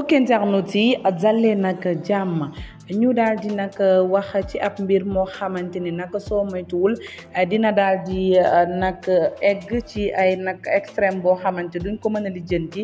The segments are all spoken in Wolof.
mbokk internautes yi jàllee nag jàmm ñu daal di nag wax ci ab mbir moo xamante ni nag soo moytuwul dina daal di eh, nag egg ci ay nag extrême boo xamante duñ ko mën a lijjanti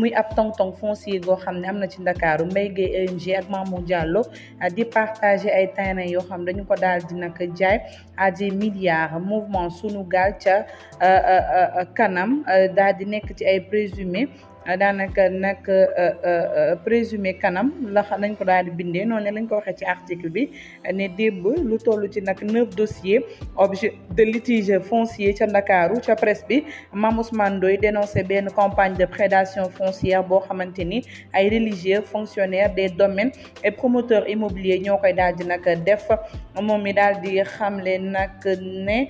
muy ab tong-tong foncier goo xam ne am na ci Ndakaaru Mbaye Gueye ENG ak Mamour Diallo eh, di partager ay terrain yoo xam dañu ko daal di nag jaay à des milliards mouvement sunu gaal ca eh, kanam daal di nekk ci ay présumé Ah, daanaka nag euh, euh, euh, présumé kanam la nañ ko daal di bindee noonu lañ ko waxee ci article bi ne démb lu toll ci nag neuf dossiers objet de litige foncier ca Ndakaaru ca presse bi Mame Ousmane Ndoye dénoncé benn campagne de prédation foncière boo xamante ni ay religieux fonctionnaires des domaines et promoteurs immobiliers ñoo koy daal di nag def moom mi daal di xamle nag ne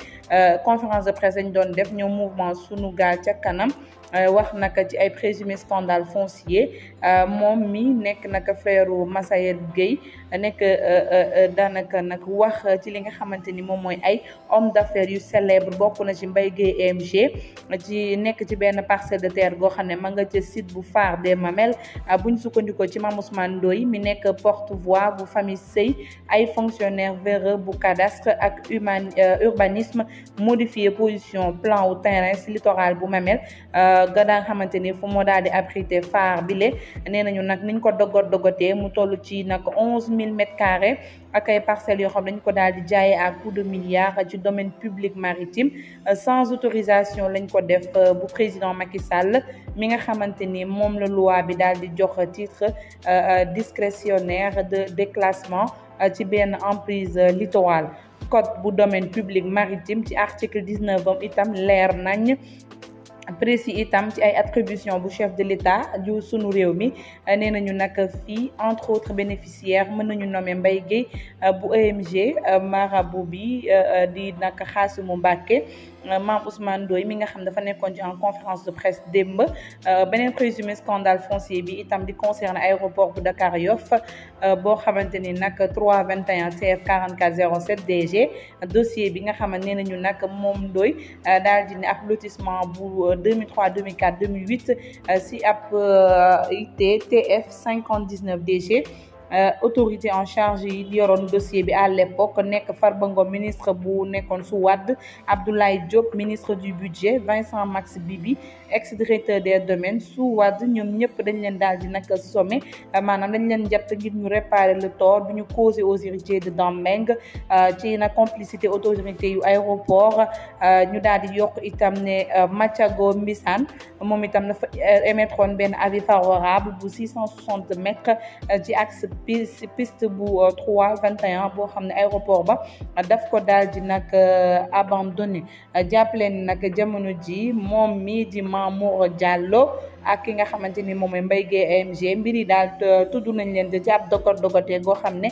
conférence de presse lañ doon def ñoo mouvement sunu gaal ca kanam Euh, wax naka ci ay présumé scandale foncier euh, moom mi nekk naka frère Massayer Gueye nekk euh, daanaka nag wax ci li nga xamante ni moom mooy ay homme d'affaires yu célèbre bokk na ci Mbaye Gueye EMG ci nekk ci benn parcelle de terre goo xam ne ma nga ca site bu Phare des Mamelles buñ sukkandikoo ci Mame Ousmane Ndoye mi nekk porte-voix bu famille Sey ay fonctionnaire véreux bu cadastre ak urbanisme modifier position plan au terrain ci littoral bu Mamelles ga nga xamante ni fu moo daal di abrité phare bile nee nañu nag niñ ko dogot dogotee mu toll ci nag onze mille mètres carrés ak ay parcelles yoo xam dañ ko daal di jaaye ak coup de milliard ci domaine public maritime sans autorisation lañ ko def euh, bu président Macky Sall mi nga xamante ni moom la loi bi daal di jox titre euh, euh, discrétionnaire de déclassement ci benn emprise littorale code bu domaine public maritime ci article dix itam leer nañ pris yi itam ci ay attribution bu chef de l'État ju sunu réew mi nee nañu nag fii entre autres bénéficiaires mën nañu nome Mbaye Guèye euh, bu EMG euh, marabout bi euh, di nag Xaasimu Mbàkke Euh, Mame Ousmane Ndoye mi nga xam dafa nekkoon ci en conférence de presse démb euh, beneen présumé scandale foncier bi itam di concerne aéroport bu Dakar Yoff euh, boo xamante ni nag 3 21 CF 44 07 DG dossier bi nga xamante ne nañu nag moom Ndoye daal di ne ab lotissement bu 2003 2004 2008 si ab IT TF 59 DG Euh, autorité en charge yi yoroon dossier bi à l'époque nekk Farba Ngom ministre bu nekkoon su Wade Abdoulaye Diop ministre du budget Vincent Max Bibi ex-directeur des domaines su Wade ñoom ñëpp dañ leen daal di nag sommet euh, maanaam dañ leen jàpp ngir ñu réparer le tort bi ñu causé aux héritiers de Dambeng euh, ci nag complicité autorité yu aéroport ñu daal di yokk itam ne Mathiago Mbissane moom itam dafa émettroon benn avis favorable bu six cent soixante mètres ci axe piste bu 3 euh, 21 boo xam ne aéroport ba daf ko daal di nag euh, abandonné jàpp ni nag jamono ji moom mi di Mamour Diallo ak ki nga xamante ni moom mooy Mbaye Guèye AMG mbir yi daal euh, tudd nañ leen di jàpp dogot dogotee goo xam ne.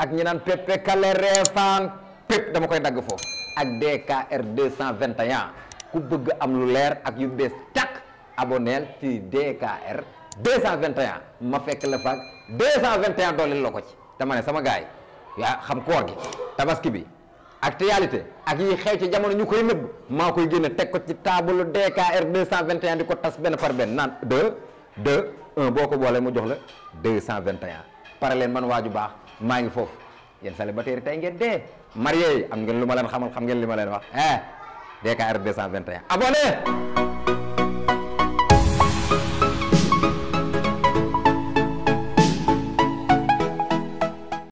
ak ñi naan pepe kale reefaan pep dama koy dagg foofu ak DKR 221 ku bëgg am lu leer ak yu bees tàkk aboneel ci DKR. 221 ma fekk la faag 221 dooleel la ko ci dama ne sama gaay yi yaa xam koor gi tabaski bi actualité ak yi xew ci jamono ñu koy nëbb maa koy génne teg ko ci taabalu DKR 221 di ko tas benn par benn naan 2 de 1 boo ko boolee mu jox la de 221 par leen man waaju baax maa ngi foofu yéen célibataire yi tey ngeen dee marié yi am ngeen lu ma leen xamal xam ngeen li ma leen wax eh DKR 221 abonné